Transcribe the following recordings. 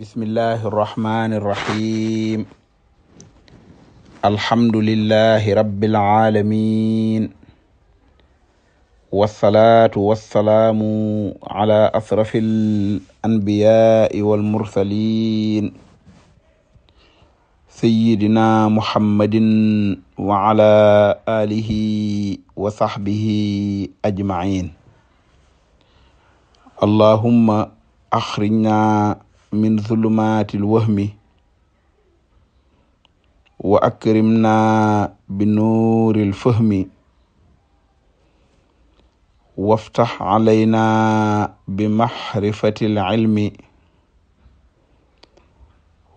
bismillahi irrahmani irrahim alhamdulillahi rabbil aalamin wassalaatu wassalaamu ala asrafi al anbiyaai walmursalin sayidina muhammadin wa ala alihi wa sahbihi ajmain allahumma axrijna min zulumaatil wahmi wa akrimna bi nuuril fahmi waftax alayna bi maxrifatil ilmi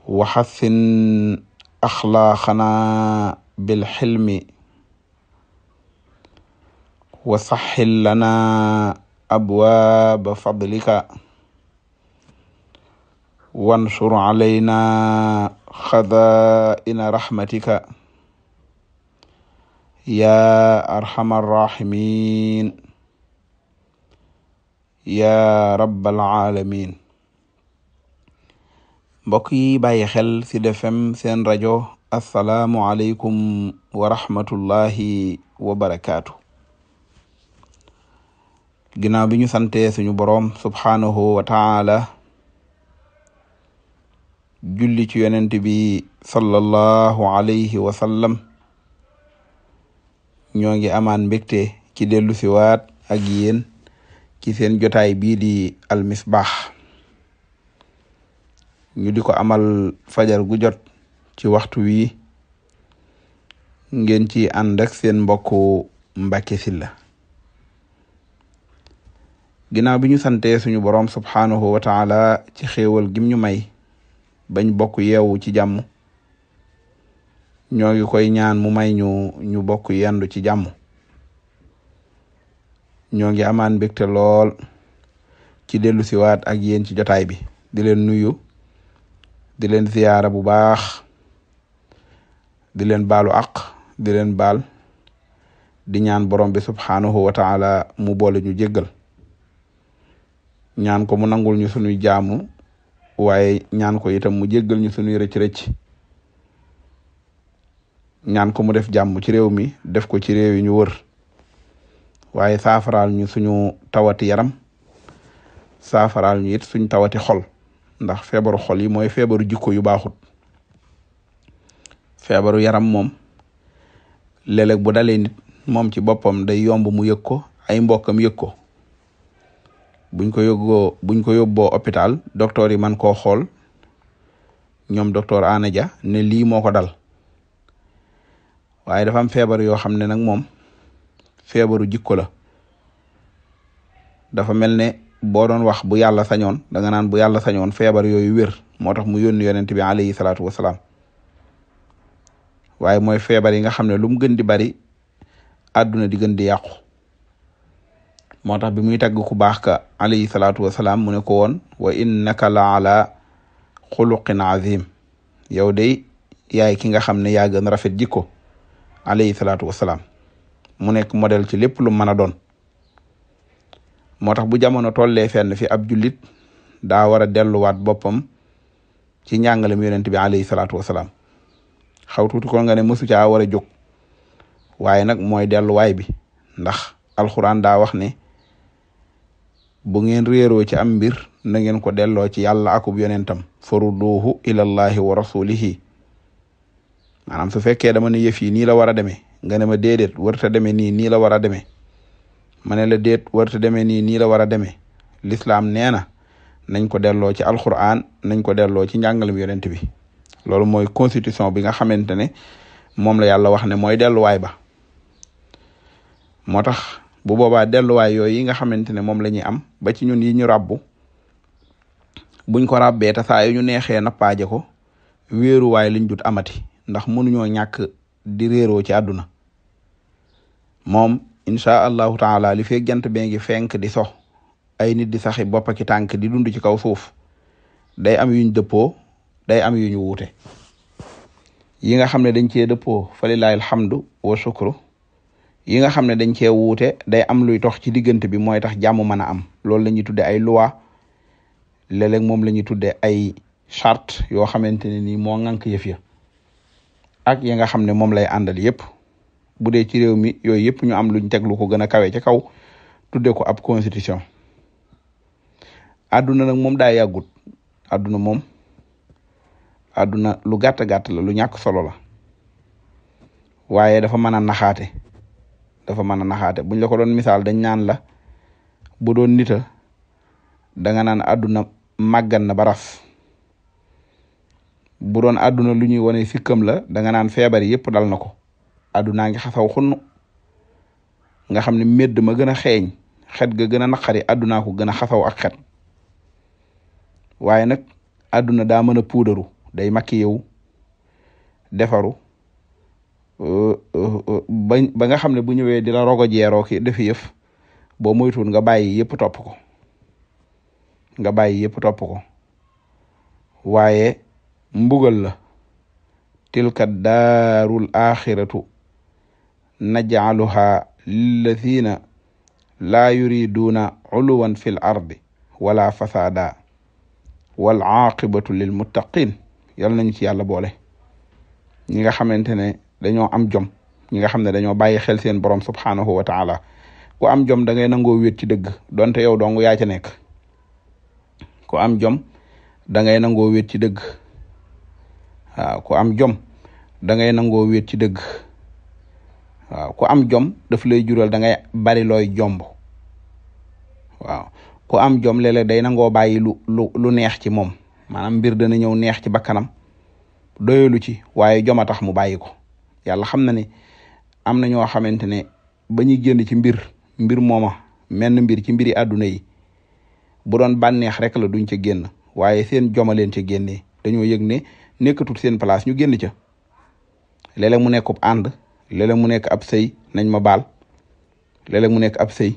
wa xassin axlaaqana bil xilmi wa saxxil lana abwaaba fadlika wansur alayna xadaa'ina rahmatika yaa arhamar raahimiin yaa rabbal aalamiin mbokk yi bàyyi xel ci Sud FM seen rajo asalaamualeykum wa rahmatullahi wa barakaatu. ginnaaw bi ñu sante suñu boroom subhaanahu wa julli ci yonent bi sallallahu alayhi wa sallam ñoo ngi amaan mbégte ci dellu siwaat ak yéen ci seen jotaay bii di al misbaax ñu di ko amal fajar gu jot ci waxtu wi ngeen ci ànd seen mbokku Mbacke Sylla ginnaaw bi ñu sante suñu borom subhaanahu wa taala ci xéewal gim ñu may bañ bokk yeewu ci jàmm ñoo koy ñaan mu may ñu ñu bokk yendu ci jàmm ñoo ngi amaan mbégte lool ci dellu siwaat ak yéen ci jotaay bi di leen nuyu di leen ziyaara bu baax di leen baalu àq di leen baal di ñaan borom bi subhaanahu wa mu boole ñu jéggal ñaan ko mu nangul ñu sunuy jaamu waaye ñaan ko itam mu jéggal ñu sunuy rëcc rëcc ñaan ko mu def jàmm ci réew mi def ko ci réew yi ñu wër waaye saafaraal ñu suñu tawati yaram saafaraal ñu it suñ tawati xol ndax feebaru xol yi mooy feebaru jikko yu baaxut feebaru yaram moom léeg bu dalee nit moom ci boppam day yomb mu yëg ko ay mbokkam yëg ko buñ ko yóbboo buñ ko yóbboo hôpital docteur yi man koo xool ñoom docteur Ana Dia ne lii moo ko dal waaye dafa am feebar yoo xam ne nag moom feebaru jikko la dafa mel ne boo doon wax bu yàlla sañoon da naan bu yàlla sañoon feebar yooyu wér moo tax mu yónni yonent bi alayhi salaatu wasalaam waaye mooy feebar yi nga xam ne lu mu gën di bari àdduna di gën di yàqu moo tax bi muy tagg ku baax ka alayhi salaatu wasalaam mu ne ko woon wa innaka la ala xuluqin azim yow day yaay ki nga xam ne yaa gën rafet jikko alayhi salaatu wasalaam mu nekk modèle ci lépp lu mën a doon moo tax bu jamono tollee fenn fi ab julit daa war a delluwaat boppam ci njàngalem yonent bi alayhi salaatu salaam xaw tuuti ko nga ne mësu caa war a jóg waaye nag mooy delluwaay bi ndax alxuraan daa wax ne bo ngeen réeroo ci am mbir na ngeen ko delloo ci yàlla akub yonentam faruduhu ilallahi wa rasulihi maanaam su fekkee dama ne yëf nii la war a demee nga ne ma déedéet warta demee nii nii la war a demee ma ne la déet warta demee nii nii la war a demee lislaam nee na nañ ko delloo ci alquran nañ ko delloo ci njàngalem yonent bi loolu mooy constitution bi nga xamante ne moom la yàlla wax ne mooy delluwaay ba moo tax bu boobaa delluwaay yooyu yi nga xamante ne moom la ñuy am ba ci ñun yi ñu rabbu buñ ko rabbee te saa yu ñu neexee nappaaje ko wéeruwaay liñ dut amati ndax mënuñoo ñàkk di réeroo ci àdduna moom incha allahu taala li fee jant bee ngi fenk di so ay nit di saxi bopp ki tànk di dund ci kaw suuf day am yuñ dëppoo day am yuñ wuute yi nga xam ne dañ cee dëppoo fa lillahi alhamdu wa shukru yi nga xam ne dañ cee wuute day am luy tox ci diggante bi mooy tax jàmm mën a am loolu la ñuy tudde ay loi léeg-léeg moom la ñuy tudde ay charte yoo xamante ne nii moo ŋànk yëf ya ak yi nga xam ne moom lay àndal yëpp bu dee ci réew mi yooyu yëpp ñu am luñ teg ko gën a kawe ca kaw tudde ko ab constitution àdduna nag moom daa yàggut àdduna moom àdduna lu gàtt gàtt la lu ñàkk solo la waaye dafa mën a naxaate dafa mën a bu buñ la ko doon misaal dañ ñaan la bu doon nita danga naan àdduna màggan na baras bu doon àdduna lu ñuy wane sikkam la danga naan feebar yëpp dal na ko àddunaa ngi xasaw xunn nga xam ne medd ma gën a xeeñ xet ga gën a naqari àddunaa ko gën a xasaw ak xet waaye nag àdduna daa mën a puudaru day makki yow defaru Euh, euh, euh, ba ba nga xam ne bu ñëwee di la rogo jeeroo ki def yëf boo moytuwul nga bàyyi yëpp topp nga bàyyi yëpp topp ko waaye mbugal la tilka daarul axiratu najcaluhaa lilladina laa yuriduuna culuwan fi l ardi wala fasaada wal caaqibatu lil muttaqin yal nañu ci yàlla boole ñi nga xamante ne dañoo am jom ñi nga xam ne dañoo bàyyi xel seen borom subhanahu wa taala ku am jom da ngay nangoo wéet ci dëgg donte yow dong yaa ca nekk ku am jom da ngay nangoo wéet ci dëgg ku am jom da ngay nangoo wéet ci dëgg ku am jom daf lay jural da ngay bari looy jomb waaw ku am jom léeg-léeg day nangoo bàyyi lu lu lu neex ci moom maanaam mbir dana ñëw neex ci bakkanam doyalu ci waaye joma tax mu bàyyi ko yàlla xam na ne am na ñoo xamante ne ba ñuy génn ci mbir mbir mooma menn mbir ci mbiri àdduna yi bu doon bànneex rek la duñ ca génn waaye seen joma ca génnee dañoo yëg ne nekkatul seen place ñu génn ca léeg mu nekk ànd léeg-léeg mu nekk ab sëy nañ ma baal léeg mu nekk ab sëy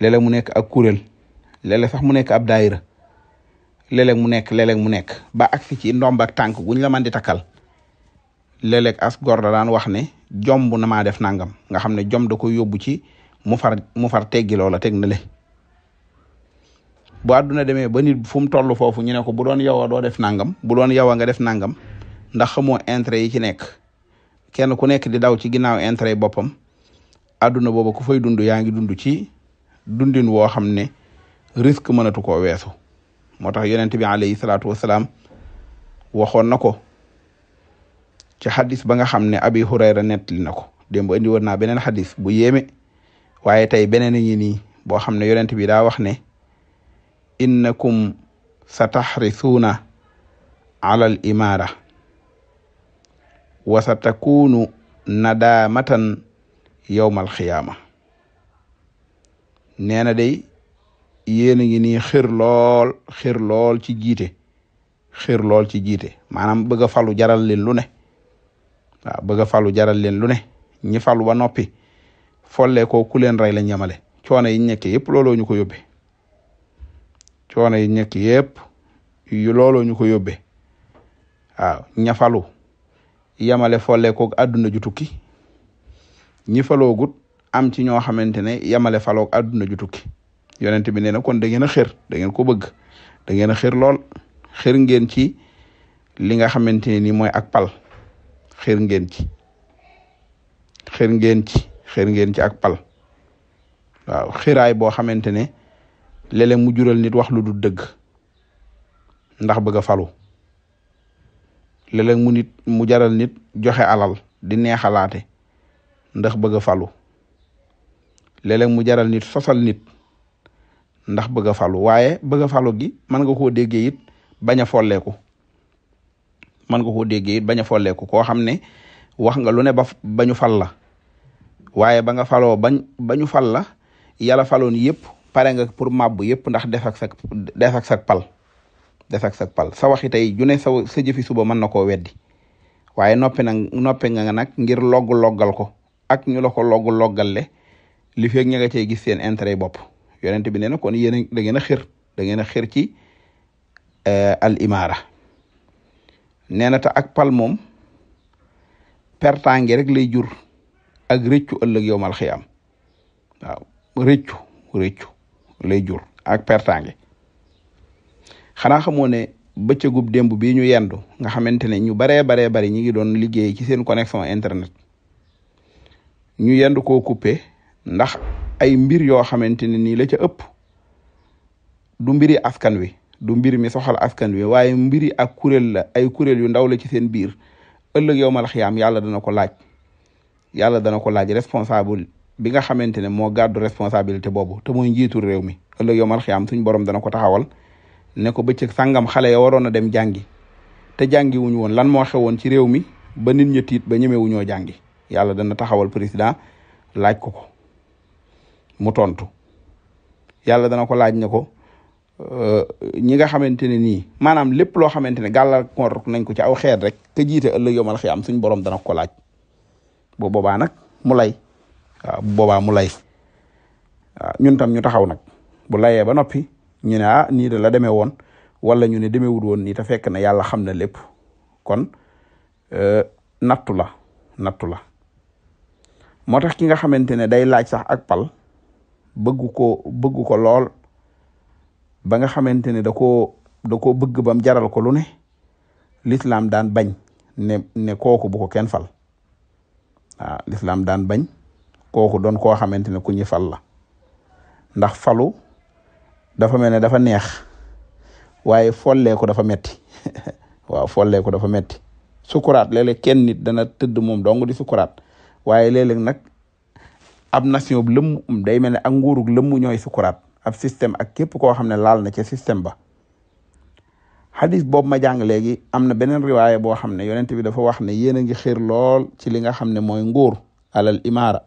léeg mu nekk ak kuréel léeg-léeg sax mu nekk ab daayira léeg mu nekk léeg-léeg mu nekk ba agsi ci ndomb ak guñ la man di takkal léeg as gor da daan wax ne jomb na maa def nangam nga xam ne jom da koy yóbbu ci mu far mu far teggi loola teg na le bu àdduna demee ba nit fu mu toll foofu ñu ne ko bu doon yow a doo def nangam bu doon yow a nga def nangam ndax xamoo intérêt yi ci nekk kenn ku nekk di daw ci ginnaaw intérêt boppam àdduna booba ku fay dund yaa ngi dund ci dundin woo xam ne risque mënatu ko weesu moo tax yonent bi alayhi salaatu wasalaam waxoon na ko ci xadis ba nga xam ne abi hurayra nettali na ko démb indi woon naa beneen xadis bu yéeme waaye tey beneen ñi nii boo xam ne yonent bi daa wax ne innakum sa taxrisuuna ala al imaara wa sa takuunu nadaamatan yowmal xiyaama nee na day yéen a ngi nii xir lool xir lool ci jiite xir lool ci jiite maanaam bëgg falu jaral leen lu ne waaw bëgg a falu jaral leen lu ne ñi falu ba noppi folle ko ku leen rey lañ yemale coono yi ñekk yëpp looloo ñu ko yóbbee coono yi ñekk yëpp yu looloo ñu ko yóbbee waaw ña falu yemale folle ko àdduna ju tukki ñi am ci ñoo xamante ne yemale faloog àdduna ju tukki yonent bi nee na kon da ngeen a xër da ko bëgg da ngeen a xër lool ngeen ci li nga xamante ne nii mooy ak pal xër ngeen ci xër ngeen ci xër ngeen ci ak pal waaw xiraay boo xamante ne léeg-léeg mu jural nit wax lu du dëgg ndax bëgg a falu léeg-léeg mu nit jaral nit joxe alal di neexalaate ndax bëgg falu léeg-léeg mu jaral nit sosal nit ndax bëgg a falu waaye bëgg a falu gi mën nga koo déggee it bañ a folleeku man nga koo déggee it bañ a folleeku koo xam ne wax nga lu ne ba bañu ñu fal la waaye ba nga faloo bañ ba ñu fal la yàlla faloon yëpp pare nga pour màbb yëpp ndax def ak sa ak sa pal def ak sa pal sa waxi tey ju sa sa jëfi suba mën na ko weddi waaye noppi na noppi nga nag ngir logg loggal ko ak ñu la ko logg loggalle li feeg ña nga cey gis seen intérêt bopp yonent bi nee na kon yéen da ngeen a xër da ngeen a xër ci eh, al nee na te ak pal moom pertaange rek lay jur ak rëccu ëllëg yow mal xiyaam waaw rëccu rëccu lay jur ak pertange xanaa xamoo ne bëccëgub démb bii ñu yendu nga xamante ne ñu baree baree bari ñi ngi doon liggéey ci seen connexion internet ñu yendu koo coupé ndax ay mbir yoo xamante ni nii la ca ëpp du mbiri askan wi du mbir mi soxal askan wi waaye mbiri ak kuréel la ay kuréel yu ndaw la ci seen biir ëllëg yow mal xiyaam yàlla dana ko laaj yàlla dana ko laaj responsable bi nga xamante ne moo gàddu responsabilité boobu te mooy njiitu réew mi ëllëg yow mal xiyaam suñ borom dana ko taxawal ne ko bëccëg sàngam xale ya waroon a dem jàngi te jàngi wuñu woon lan moo xewoon ci réew mi ba nit ña tiit ba ñemewuñoo jàngi yàlla dana taxawal président laaj ko ko mu tontu yàlla dana ko laaj ne ko Euh, ñi nga xamante ne nii maanaam lépp loo xamante ne gàllankoor nañ ko ci aw xeet rek ka jiite ëllëg yomal xiyaam suñ borom dana ko laaj bo boobaa nag mu lay waaw boobaa mu lay waaw ñun tam ñu taxaw nag bu layee ba noppi ñu ne ah nii de la demee woon wala ñu ne demeewul woon nii te fekk na yàlla xam na lépp kon euh, nattu la nattu la moo tax ki nga xamante ne day laaj sax ak pal bëggu ko bëggu ko lool. ba nga xamante ne da koo da koo bëgg bam jaral ko lu ne l'islam daan bañ ne ne kooku bu kenn fal waaw l'islam daan bañ kooku doon koo xamante ne ku ñu fal la ndax falu dafa mel ne dafa neex waaye folleeku dafa metti waaw folleeku dafa metti sukuraat léeg-léeg kenn nit dana tëdd moom dong di sukuraat waaye léeg-léeg nag ab nation bu lëmm day mel ne ak nguurug lëmm ñooy sukuraat ab système ak képp koo xam ne laal na ca système ba xadis boobu ma jàng leegi am na beneen riwaaya boo xam ne yonent bi dafa wax ne yéen a ngi xiir lool ci li nga xam ne mooy nguur alal imaara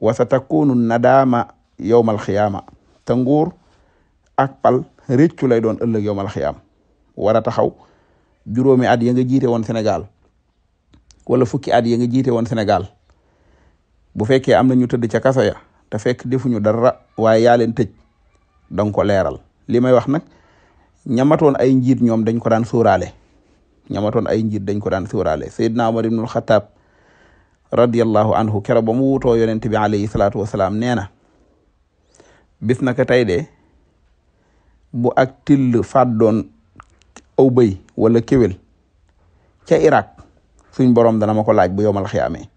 wa sa takunu nadaama yowmal xiyaama te nguur ak pal réccu lay doon ëllëg yowmal xiyaam war a taxaw juróomi at ya nga jiite woon Sénégal wala fukki at ya nga jiite woon Sénégal bu fekkee am na ñu tëdd ca kaso ya te fekk defuñu dara waaye yaa leen tëj danga ko leeral li may wax nag ñamatoon ay njiit ñoom dañ ko daan sóoraale ñamatoon ay njiit dañ ko daan sóoraale Seydina Omar ibnul Xataab radiallahu anhu kero ba mu wutoo yonent bi alayhi salaatu wasalaam nee na bis na tey de bu ak till fàddoon aw bëy wala kéwél ca Irak suñ borom dana ma ko laaj bu yomal xiyaamee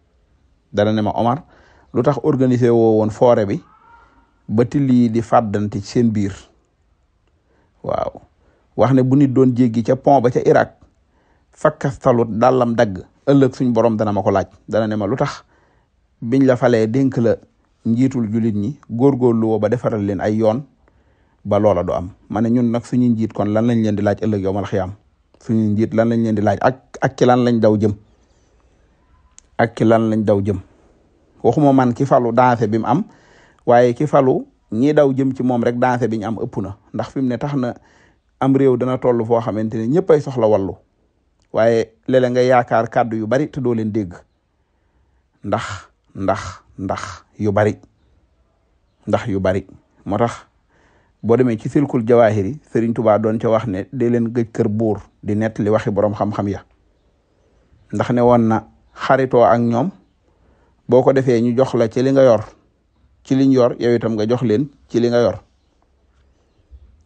dana ne Omar lu tax organise woo woon foore bi ba till yi di fàddante ci seen biir waaw wax ne bu nit doon jéggi ca pont ba ca Irak fakkastalut dàllam dagg ëllëg suñ borom dana ma ko laaj dana ne ma lu tax biñ la falee dénk la njiitul jullit ñi góorgóorlu woo ba defaral leen ay yoon ba loola doo am ma ne ñun nag suñu njiit kon lan lañ leen di laaj ëllëg yow mal xiyaam suñu njiit lan lañ leen di laaj ak ak lan lañ daw jëm ak ki lan lañ daw jëm waxuma man ki falu dansé bi mu am waaye ki falu ñi daw jëm ci moom rek dansé bi ñu am ëpp na ndax fi mu ne tax na am réew dana toll foo xamante ne ñëpp ay soxla wallu waaye léeg-léeg nga yaakaar kàddu yu bari te doo leen dégg ndax ndax ndax yu bari ndax yu bari moo tax boo demee ci silkul jawaahir yi Serigne Touba doon ca wax ne dee leen gëj kër buur di nett li waxi boroom xam-xam ya ndax ne woon na xaritoo ak ñoom boo ko defee ñu jox la ci li nga yor ci liñ yor yow nga jox leen ci li nga yor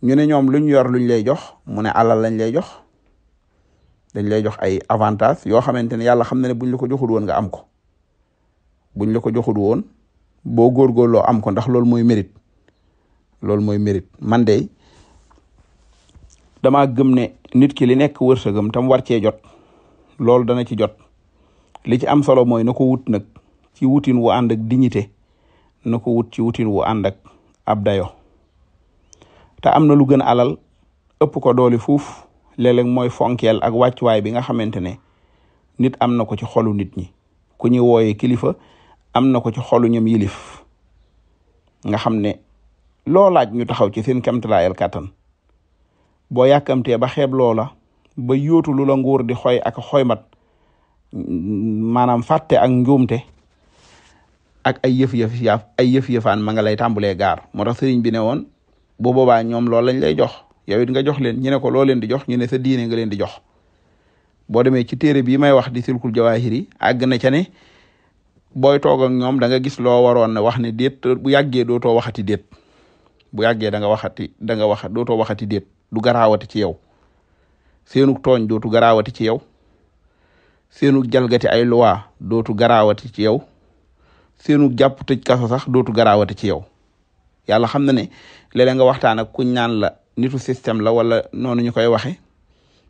ñu ne ñoom luñ yor luñ lay jox mu ne alal lañ lay jox dañ lay jox ay avantages yoo xamante ne yàlla xam na ne buñ la ko joxul woon nga am ko buñ la ko joxul woon boo góorgóorloo am ko ndax loolu mooy mérite loolu mooy mérite man de damaa gëm ne nit ki li nekk wërsëgam tam war cee jot loolu dana ci jot li ci am solo mooy na ko wut nag. ci wutin wu ànd ak dignité na ko wut ci wutin wu ànd ak ab dayo te am na lu gën alal ëpp ko doole fuuf léeg-léeg mooy fonkeel ak wàccuwaay bi nga xamante ne nit am na ko ci xolu nit ñi ku ñu wooyee kilifa am na ko ci xolu ñoom yilif nga xam ne loo laaj ñu taxaw ci seen kamtalaayal kàttan boo yàkkamtee ba xeeb loola ba yóotu lu nguur di xoy ak xoymat maanaam fàtte ak njuumte ak ay yëf-yëf yaaf ay yëf-yëfaan nga lay tàmbulee gaar moo tax sëriñ bi ne woon bu boobaa ñoom loolu lañ lay jox yow it nga jox leen ñu ne ko loo leen di jox ñu ne sa diine nga leen di jox boo demee ci téere bii may wax di silkul jawaahir yi àgg na ca ne booy toog ak ñoom danga gis loo waroon ne wax ne déet bu yàggee dootoo waxati déet bu yàggee da nga waxati da nga wax dootoo waxati déet du garaawati ci yow seenug tooñ dootu garaawati ci yow seenug jalgati ay luwaa dootu garaawati ci yow sinu jàpp tëj kaso sax dootu garaawate ci yow yàlla xam na ne léeg-léeg nga waxtaan ak kuñ naan la nitu système la wala noonu ñu koy waxe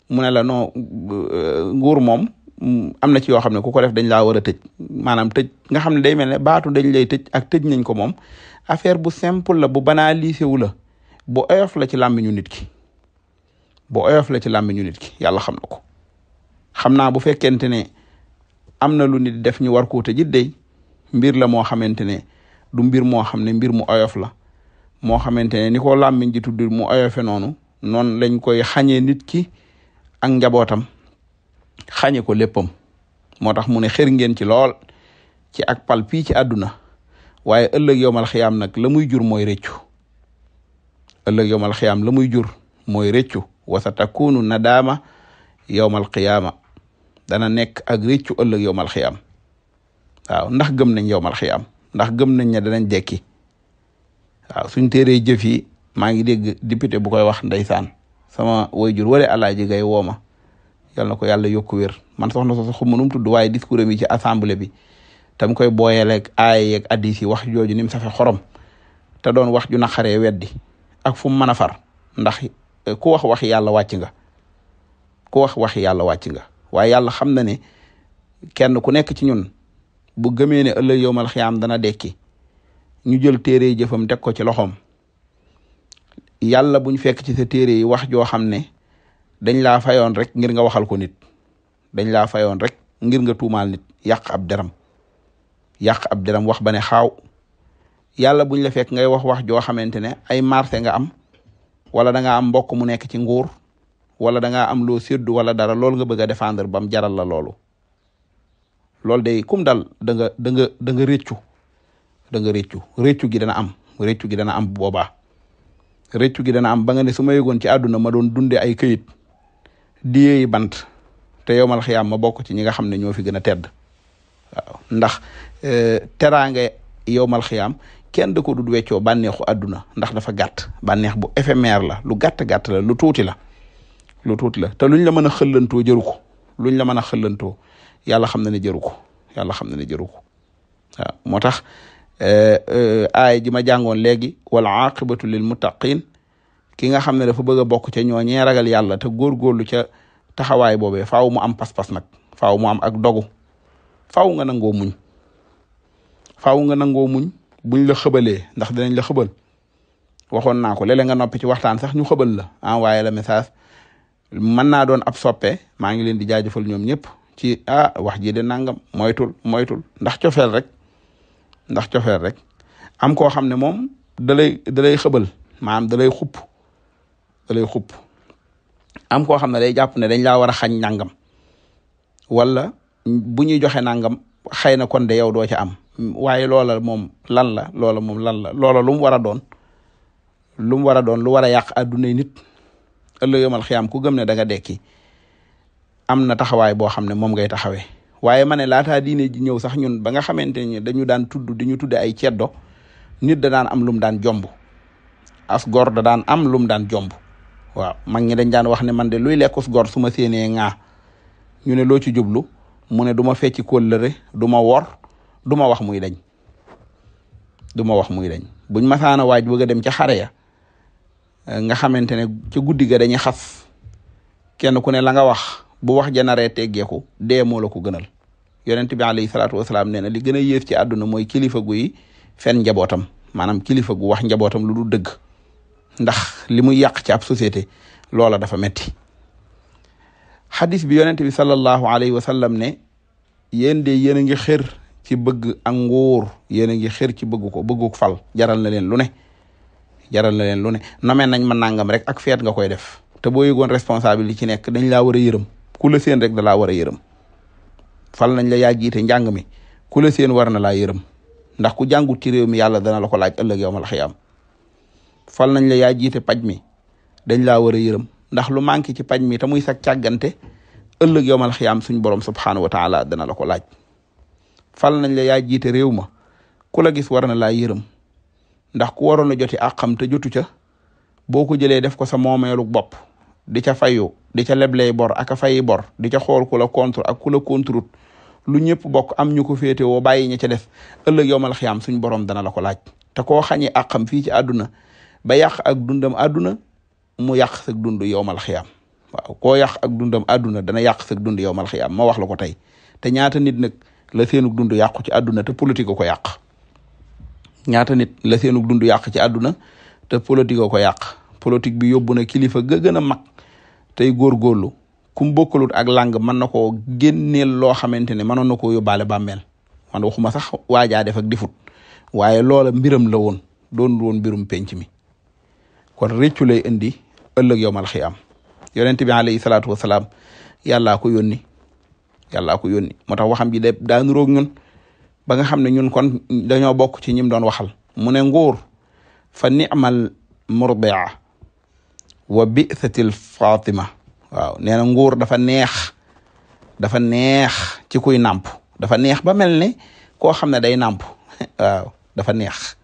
mu ne la non euh, nguur moom mm, am na ci yoo xam ne ku ko def dañ laa war a tëj maanaam tëj nga xam ne day mel ne baatu dañ lay tëj ak tëj nañ ko moom affaire bu simple la bu banalisé wu la bu oyof la ci làmmiñu nit ki bu oyof la ci làmmiñu nit ki yàlla xam na ko xam naa bu fekkente ne am na lu nit def ñu war koo tëjit day mbir la moo xamante ne du mbir moo xam ne mbir mu oyof la moo xamante ne ni ko làmmiñ ji tudd mu oyofe noonu noonu lañ koy xañee nit ki ak njabootam xañe ko léppam moo tax mu ne xër ngeen ci lool ci ak pal pii ci àdduna waaye ëllëg yowmal xiyaam nag la muy jur mooy rëccu ëllëg yowmal xiyaam la muy jur mooy rëccu wa sa takunu nadaama yowmal xiyaama dana nekk ak rëccu ëllëg yowmal xiyaam waaw ndax gëm nañ yow mal xiyaam ndax gëm nañ ne danañ dekki waaw suñ téeree jëf yi maa ngi dégg député bu koy wax ndeysaan sama wayjur wale alaaji gay wooma yal na ko yàlla yokku wér man soxna soxna xaw ma nu mu tudd waaye discours am yi ci assemblée bi tam koy booyeleeg aay yeeg addis yi wax jooju ni mu safe xorom te doon wax ju naqaree weddi ak fu mu mën a far ndax eh, ku wax wax yàlla wàcc nga ku wax wax yàlla wàcc nga waaye yàlla xam na ne kenn ku nekk ci ñun bu gëmee ne ëllëg yowmal xiyaam dana dekki ñu jël téere yi jëfam teg ko ci loxoom yàlla buñ fekk ci sa téere yi wax joo xam ne dañ laa fayoon rek ngir nga waxal ko nit dañ laa fayoon rek ngir nga tuumaal nit yàq ab deram yàq ab wax ba ne xaaw yàlla buñ la fekk ngay wax wax joo xamante ne ay marché nga am wala da am mbokk mu nekk ci nguur wala da am loo séddu wala dara loolu nga bëgg a défendre bam jaral la loolu loolu day kum dal da nga danga nga da nga réccu da gi dana am réccu gi dana am boobaa réccu gi dana am ba nga ne su ma yëgoon ci àdduna ma doon dunde ay këyit diyeeyi bant te yow mal xiyaam ma bokk ci ñi nga xam ne ñoo fi gën a tedd waaw ndax euh, teraange yow mal xiyaam kenn da ko dud weccoo bànneexu àdduna ndax dafa gàtt bànneex bu éphémère la lu gàtt-gàtt la lu tuuti la lu tuuti la te luñ la mën a xëllantoo jëru ko luñ la mën a xëllantoo yàlla xam na ne jëru ko yàlla xam na ne jëru ko moo tax eh, eh, aay ji ma jàngoon léegi wal aqibatu lil muttaqin ki nga xam ne dafa bëgg a bokk ca ñoo ñee ragal yàlla te góorgóorlu ca taxawaay boobee faaw mu am pas-pas nag faaw mu am ak dogu faaw nga nangoo muñ faaw nga nangoo muñ buñ la xëbalee ndax dinañ la xëbal waxoon naa ko léeg nga noppi ci waxtaan sax ñu xëbal la envoyé la message mën naa doon ab soppe maa ngi leen di jaajëfal ñoom ñëpp ci ah wax ji de nangam moytul moytul ndax cofeel rek ndax cofel rek am koo xam ne moom dalay dalay xëbal maanaam dalay xupp lay xup am koo xam ne day jàpp ne dañ laa war a xañ nangam wala bu ñuy joxe nangam xëy na kon de yow doo ca am waaye loola moom lan la loola moom lan la loola lu mu war a doon lu mu war a doon lu war a yàq addunay nit ëllëg yomal xiyaam ku gëm ne da nga am na taxawaay boo xam ne moom ngay taxawee waaye ma ne laataa diine ji ñëw sax ñun ba nga xamante ni dañu daan tudd di ñu tudde ay ceddo nit da daan am lum daan jomb as gor da daan am lum daan jomb waaw mag ñi dañ daan wax ne man de luy lekkus gor su ma séenee ŋaa ñu ne loo ci jublu mu ne du ma fecci kóllëre du ma wor du ma wax muy dañ duma wax muy dañ buñ masaana waaj bëgg a dem ca xare ya nga xamante ne ca guddi ga dañuy xas kenn ku ne la nga wax bu wax ja naree teggeeku dee moo la ko gënal yonent bi alayhi salaatu wasalaam nee na li gën a yées ci àdduna mooy kilifa guy fen njabootam maanaam kilifa gu wax njabootam lu du dëgg ndax li muy yàq ci ab société loola dafa metti xadis bi yonent bi sallallahu alayhi wa sallam ne yéen de yéen a ngi xër ci bëgg ak nguur yéen a ngi xër ci bëgg ko bëggu fal jaral na leen lu ne jaral na leen lu ne nomee nañ ma nangam rek ak feet nga koy def te boo yëgoon responsable yi ci nekk dañ laa war a yërëm ku la seen rek da laa war a yërëm fal nañ la yaa jiite njàng mi ku la seen war na laa yërëm ndax ku jàngut ci réew mi yàlla dana la ko laaj ëllëg yow ma la xiyaam fal nañ la yaa jiite paj mi dañ laa war a yërëm ndax lu manqué ci paj mi te muy sag càggante ëllëg yow ma la xiyaam suñ borom subhaanahu wa dana la ko laaj fal nañ la yaa jiite réew ma ku la gis war na laa yërëm ndax ku waroon a joti àqam te jotu ca boo ko jëlee def ko sa bopp di ca fayu di ca lebley bor ak a fayi bor di ca xool ku la ak ku la lu ñëpp bokk am ñu ko féete woo bàyyi ña ca def ëllëg yowmal xiyaam suñ borom dana la ko laaj te koo xañi àqam fii ci àdduna ba yàq ak dundam àdduna mu yàq sag dund yowmal xiyaam waaw koo yàq ak dundam àdduna dana yàq sag dund yowmal xiyaam ma wax la ko tey te ñaata nit nag la seenug dund yàqu ci àdduna te politique ko yàq ñaata nit la seenug dund yàq ci àdduna te politique ko yàq politique bi yóbbu na kilifa ga gën a mag tey góorgóorlu kum bokkalut ak làng mën na koo génneel loo xamante ne mënoon na koo yóbbaale bàmmeel man waxuma sax waajaa def ak difut waaye loola mbiram la woon doon woon mbirum penc mi kon réccu lay indi ëllëg yowmal xiyaam yonent bi alayhi salaam wasalaam yàllaa ko yónni yàllaa ko yónni tax waxam ji lépp daa nuroog ñun ba nga xam ne ñun kon dañoo bokk ci ñim doon waxal mu ne nguur fa ni'mal murdi'a wa bi'satil fatima waaw nee na nguur dafa neex dafa neex ci kuy nàmp dafa neex ba mel ne koo xam ne day nàmp dafa neex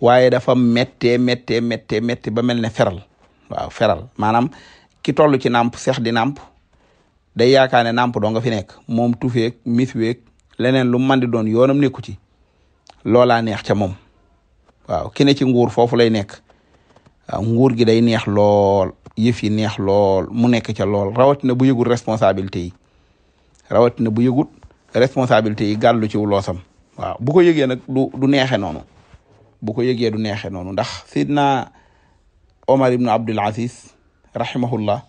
waaye dafa méttee méttee méttee métti ba mel ne feral waaw feral maanaam ki toll ci nàmp seex di nàmp day yaakaar ne nàmp doo nga fi nekk moom tufeeg mis weeg leneen lu man di doon yoonam nekku ci loolaa neex ca moom waaw ki ne ci nguur foofu lay nekk a nguur gi day neex lool yëf yi neex lool mu nekk ca lool rawatina bu yëgul responsabilité yi rawatina bu yëgul responsabilité yi gàllu ci loosam waaw bu ko yëgee nag du du neexee noonu bu ko yëgee du neexee noonu ndax sidna Omar ibnu Abdul Aziz rahimahullah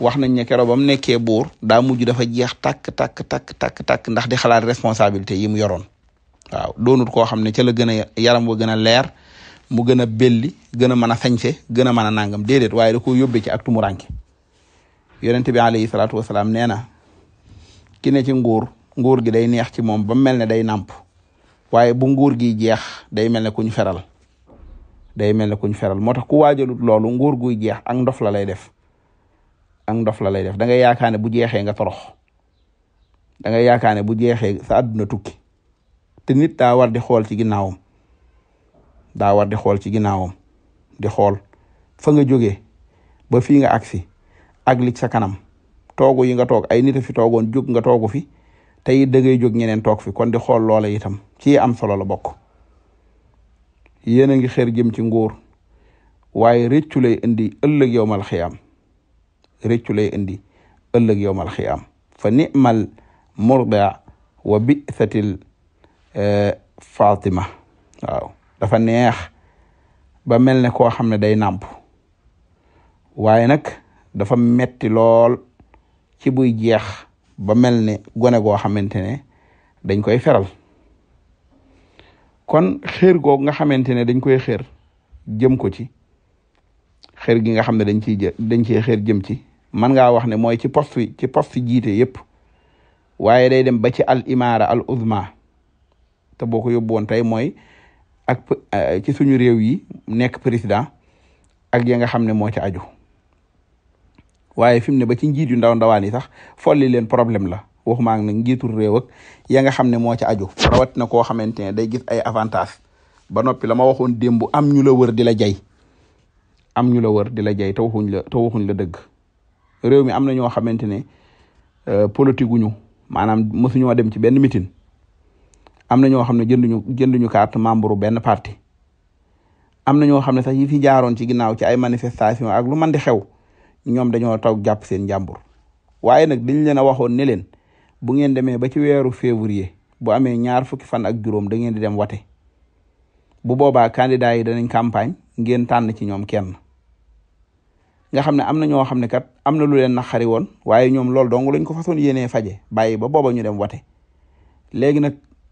wax nañ ne keroog ba mu nekkee buur daa mujj dafa jeex takk takk takk takk takk ndax di xalaat responsabilité yi mu yoroon waaw doonut koo xam ne ca la gën a yaram wa gën a leer mu gën a belli gën a mën a sañse gën a mën a nangam déedéet waaye da ko yóbbee ci ak tumuranke yonent bi alayhi salaatu wasalaam nee na ki ne ci nguur nguur gi day neex ci moom ba mel ne day nàmp waaye bu nguur gi jeex day mel ne kuñ feral day mel ne kuñ feral moo tax ku waajalut loolu nguur guy jeex ak ndof la lay def ak ndof la lay def da nga yaakaar ne bu jeexee nga torox danga nga yaakaar ne bu jeexee sa àdduna tukki te nit daa war di xool ci ginnaawam daa war di xool ci ginnaawam di xool fa nga jógee ba fii nga agsi ak li sa kanam toogu yi nga toog ay nit a fi toogoon jóg nga toogu fi te it da ngay jóg ñeneen toog fi kon di xool loola itam ci am solo la bokk yéen a ngi xër jëm ci nguur waaye rëccu lay indi ëllëg yowmal am rëccu lay indi ëllëg yowmal xiyaam fa ni'mal murda wa bi'satil eh, fatima waaw dafa neex ba mel ne koo xam ne day nàmp waaye nag dafa metti lool ci buy jeex ba mel ne gone goo xamante ne dañ koy feral kon xéer googu nga xamante ne dañ koy xeer jëm ko ci xéer gi nga xam ne dañ ciy jë dañ ciy xéer jëm ci man ngaa wax ne mooy ci post ci post jiite yépp waaye day dem ba ci al imaara al uzma te boo ko yóbbu mooy ak eh, ci suñu réew yi nekk président ak ya nga xam ne moo ci aju waaye fi mu ne ba ci njiit yu ndaw ndawaan yi sax folli leen problème la waxuma ak nag réew ak ya nga xam ne moo ci aju rawat na koo xamante ne day gis ay avantage ba noppi lama ma waxoon démb am ñu la wër di la jay am ñu la wër di la jay te waxuñ la te waxuñ la dëgg réew mi am na ñoo xamante ne eh, politique gu ñu maanaam dem ci benn mitin am na ñoo xam ne jënduñu jënduñu kaat membre benn parti am na ñoo xam ne sax yi fi jaaroon ci ginnaaw ci ay manifestation ak lu man di xew ñoom dañoo toog jàpp seen jàmbur waaye nag dañ leen a waxoon ne leen bu ngeen demee ba ci weeru février bu amee ñaar fukki fan ak juróom da ngeen di dem wate bu boobaa candidat yi danañ campagne ngeen tànn ci ñoom kenn nga xam ne am na ñoo xam ne kat am na lu leen naqari woon waaye ñoom loolu dong lañ ko façon yéenee faje bàyyi ba booba ñu dem wate léegi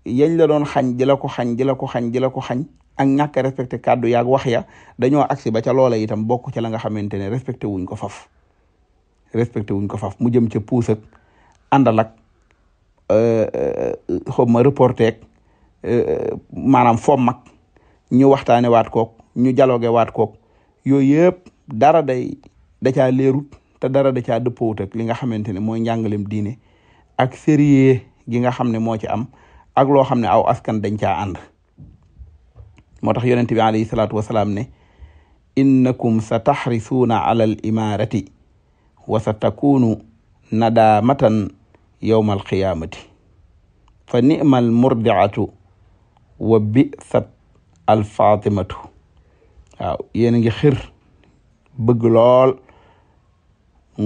yañ la doon xañ di la ko xañ di la ko xañ di la ko xañ ak ñàkk respecté kàddu yaag wax ya dañoo agsi ba ca loola itam bokk ca la nga xamante ne respecté wuñ ko faf respecté wuñ ko faf mu jëm ca puus ak àndal ak euh, euh, xaw ma reporté ak euh, maanaam fomm ak ñu waxtaane waat kook ñu jalooge waat kook yooyu yëpp dara day da caa leerut te dara da caa dëppoowut ak li nga xamante ne mooy njàngalem diine ak sérieux gi nga xam ne moo ci am ak loo xam ne aw askan dañ caa ànd moo tax yonent bi alayhi salaatu wasalaam ne innakum sa taxrisuuna ala al imaarati wa sa takuunu nadaamatan yowma alqiyaamati fa nima al murdiatu wa bisat al fatimatu waaw a ngi xir bëgg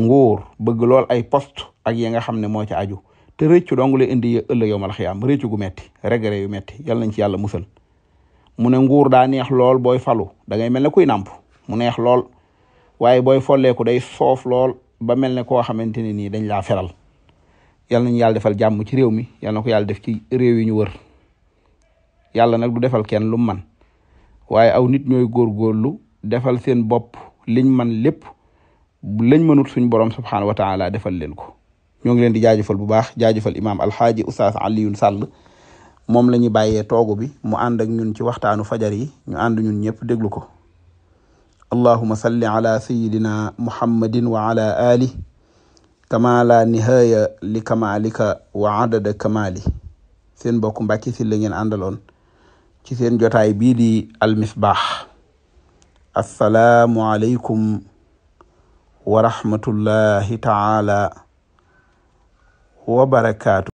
nguur bëgg lool ay post ak yi nga xam ne moo ci aju te rëccu dong la indi ëllëg yowmal xiyaam rëccu gu metti regret yu metti yàlla nañ ci yàlla musal mu ne nguur daa neex lool booy falu da ngay mel ne kuy nàmp mu neex lool waaye booy folleeku day soof lool ba mel ne koo xamante ne nii dañ laa feral yàlla nañu yàlla defal jàmm ci réew mi yàlla na ko yàlla def ci réew yi ñu wër yàlla nag du defal kenn lum man waaye aw nit ñooy góorgóorlu defal seen bopp liñ man lépp lañ mënut suñ borom subxanahu wa taala defal leen ko. ñoo ngi leen di jaajëfal bu baax jaajëfal imaam alxaaji Oustaz Alioune Sall moom la ñu bàyyee toogu bi mu ànd ak ñun ci waxtaanu fajar yi ñu ànd ñun ñëpp déglu ko allahuma salli ala sayidina muhammadin wa ala ali kama la nihaaya li kamaalika wa adada kamaali seen mbokk Mbàkke Sylla ngeen àndaloon ci seen jotaay bii di almisbaax assalaamu aleykum wa rahmatullahi taala wa barakaatu.